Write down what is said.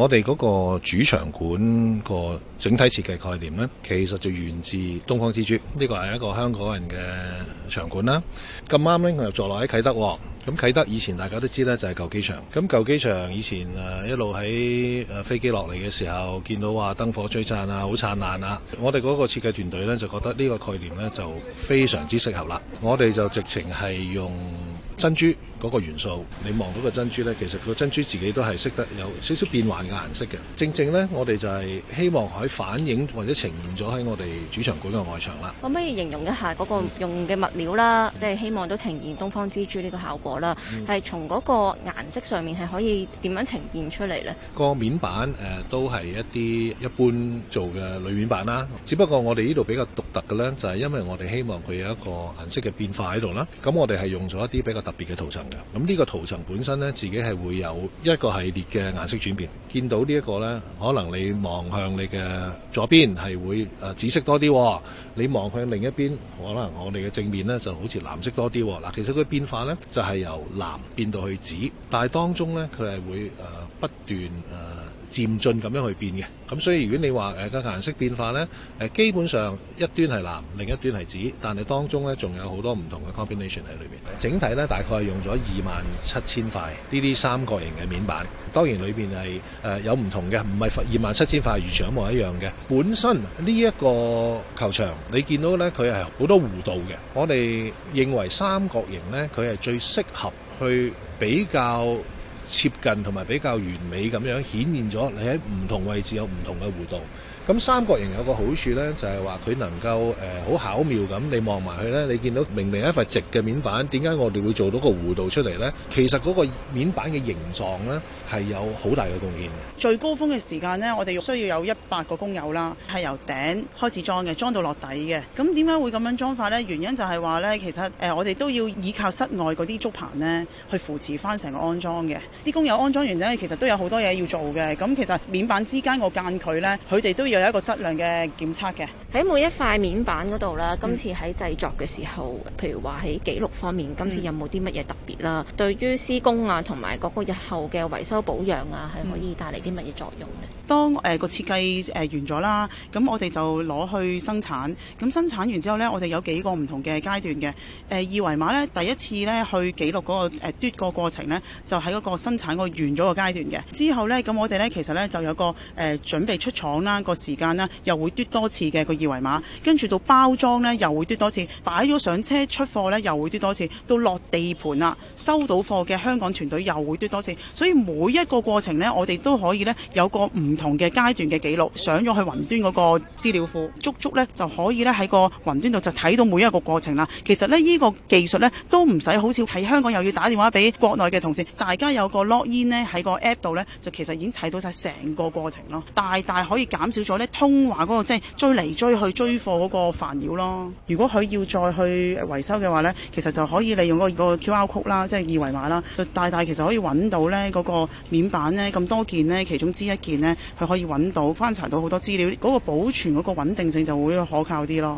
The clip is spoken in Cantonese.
我哋嗰個主場館個整體設計概念呢，其實就源自《東方之珠》呢個係一個香港人嘅場館啦。咁啱呢，佢又坐落喺啟德喎。咁啟德以前大家都知呢，就係舊機場。咁舊機場以前誒一路喺誒飛機落嚟嘅時候，見到話燈火璀璨啊，好燦爛啊！我哋嗰個設計團隊呢，就覺得呢個概念呢，就非常之適合啦。我哋就直情係用。珍珠嗰個元素，你望到個珍珠咧，其實個珍珠自己都係識得有少少變幻嘅顏色嘅。正正咧，我哋就係希望可以反映或者呈現咗喺我哋主場館嘅外牆啦。可唔可以形容一下嗰個用嘅物料啦？即、嗯、係、就係、希望都呈現東方之珠呢個效果啦。係從嗰個顏色上面係可以點樣呈現出嚟咧？這個面板誒、呃、都係一啲一般做嘅鋁面板啦。只不過我哋呢度比較獨特嘅咧，就係、是、因為我哋希望佢有一個顏色嘅變化喺度啦。咁我哋係用咗一啲比較。特別嘅圖層，㗎，咁呢個圖層本身咧，自己係會有一個系列嘅顏色轉變。見到呢一個咧，可能你望向你嘅左邊係會誒、呃、紫色多啲。哦，你望向另一邊，可能我哋嘅正面咧就好似藍色多啲。嗱，其實佢變化咧就係、是、由藍變到去紫，但係當中咧佢係會誒、呃、不斷誒漸進咁樣去變嘅。咁所以如果你話誒個顏色變化咧、呃，基本上一端係藍，另一端係紫，但係當中咧仲有好多唔同嘅 combination 喺裏面。整體咧大，大概用咗二萬七千塊呢啲三角形嘅面板，當然裏邊係誒有唔同嘅，唔係二萬七千塊係完全一模一樣嘅。本身呢一個球場，你見到咧，佢係好多弧度嘅。我哋認為三角形咧，佢係最適合去比較接近同埋比較完美咁樣顯現咗你喺唔同位置有唔同嘅弧度。咁三角形有個好處咧，就係話佢能夠誒好、呃、巧妙咁，你望埋去咧，你見到明明一塊直嘅面板，點解我哋會做到個弧度出嚟咧？其實嗰個面板嘅形狀咧係有好大嘅貢獻嘅。最高峰嘅時間咧，我哋需要有一百個工友啦，係由頂開始裝嘅，裝到落底嘅。咁點解會咁樣裝法咧？原因就係話咧，其實誒我哋都要依靠室外嗰啲竹棚咧去扶持翻成個安裝嘅。啲工友安裝完之後，其實都有好多嘢要做嘅。咁其實面板之間個間距咧，佢哋都要。有一個質量嘅檢測嘅，喺每一塊面板嗰度啦。今次喺製作嘅時候，譬如話喺記錄方面，今次有冇啲乜嘢特別啦？對於施工啊，同埋嗰個日後嘅維修保養啊，係可以帶嚟啲乜嘢作用呢？當誒個設計誒完咗啦，咁我哋就攞去生產。咁生產完之後呢，我哋有幾個唔同嘅階段嘅。誒、呃，二維碼呢，第一次呢去記錄嗰個誒嘟個過程呢，就喺嗰個生產、個完咗個階段嘅。之後呢，咁我哋呢，其實呢就有一個誒、呃、準備出廠啦個。時間呢，又會嘟多次嘅個二維碼，跟住到包裝呢，又會嘟多次，擺咗上車出貨呢，又會嘟多次，到落地盤啦，收到貨嘅香港團隊又會嘟多次，所以每一個過程呢，我哋都可以呢，有個唔同嘅階段嘅記錄，上咗去雲端嗰個資料庫，足足呢就可以呢，喺個雲端度就睇到每一個過程啦。其實呢，呢、呢個技術呢，都唔使好似喺香港又要打電話俾國內嘅同事，大家有個 log in 呢，喺個 app 度呢，就其實已經睇到晒成個過程咯，大大可以減少咗咧，通話嗰個即係追嚟追去追貨嗰個煩擾咯。如果佢要再去維修嘅話呢，其實就可以利用嗰個 QR Code 啦，即係二維碼啦，就大大其實可以揾到呢嗰個面板呢，咁多件呢，其中之一件呢，佢可以揾到翻查到好多資料，嗰個保存嗰個穩定性就會可靠啲咯。